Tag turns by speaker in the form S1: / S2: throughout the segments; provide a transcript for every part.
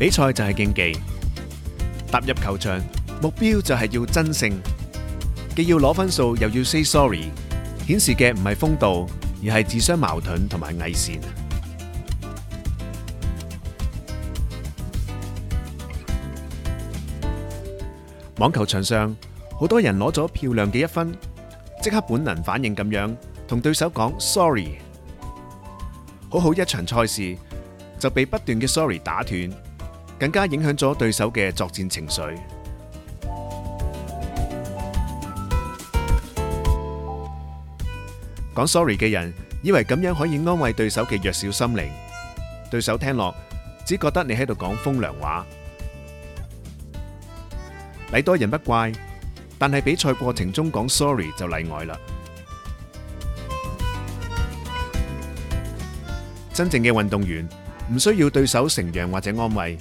S1: 比賽就係競技，踏入球場目標就係要爭勝，既要攞分數又要 say sorry，顯示嘅唔係風度，而係自相矛盾同埋偽善。網球場上好多人攞咗漂亮嘅一分，即刻本能反應咁樣同對手講 sorry，好好一場賽事就被不斷嘅 sorry 打斷。更加影響咗對手嘅作戰情緒。講 sorry 嘅人以為咁樣可以安慰對手嘅弱小心靈，對手聽落只覺得你喺度講風涼話。禮多人不怪，但係比賽過程中講 sorry 就例外啦。真正嘅運動員唔需要對手承讓或者安慰。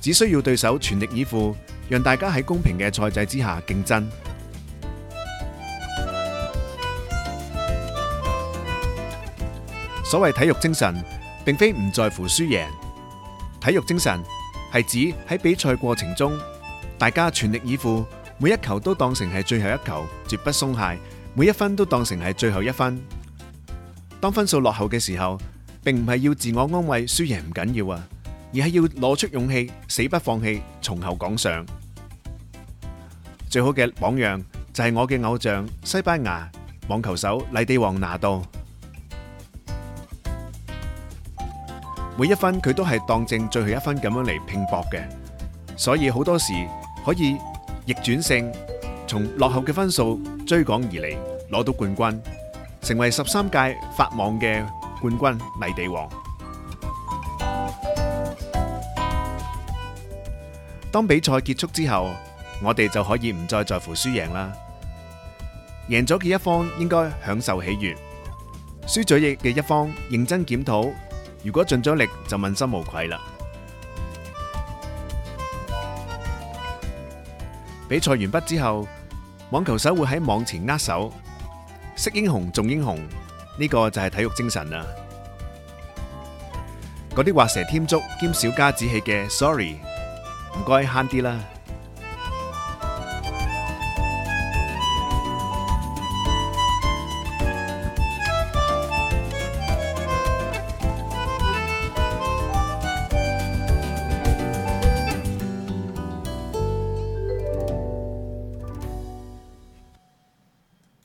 S1: 只需要對手全力以赴，讓大家喺公平嘅賽制之下競爭。所謂體育精神，並非唔在乎輸贏，體育精神係指喺比賽過程中，大家全力以赴，每一球都當成係最後一球，絕不鬆懈；每一分都當成係最後一分。當分數落後嘅時候，並唔係要自我安慰，輸贏唔緊要啊。而係要攞出勇氣，死不放棄，從後趕上。最好嘅榜樣就係我嘅偶像西班牙網球手泥地王拿度。每一分佢都係當正最後一分咁樣嚟拼搏嘅，所以好多時可以逆轉勝，從落後嘅分數追趕而嚟，攞到冠軍，成為十三屆法網嘅冠軍泥地王。當比賽結束之後，我哋就可以唔再在乎輸贏啦。贏咗嘅一方應該享受喜悅，輸咗嘅嘅一方認真檢討。如果盡咗力就問心無愧啦。比賽完畢之後，網球手會喺網前握手，惜英雄重英雄，呢個就係體育精神啦。嗰啲畫蛇添足兼小家子氣嘅，sorry。唔該慳啲啦。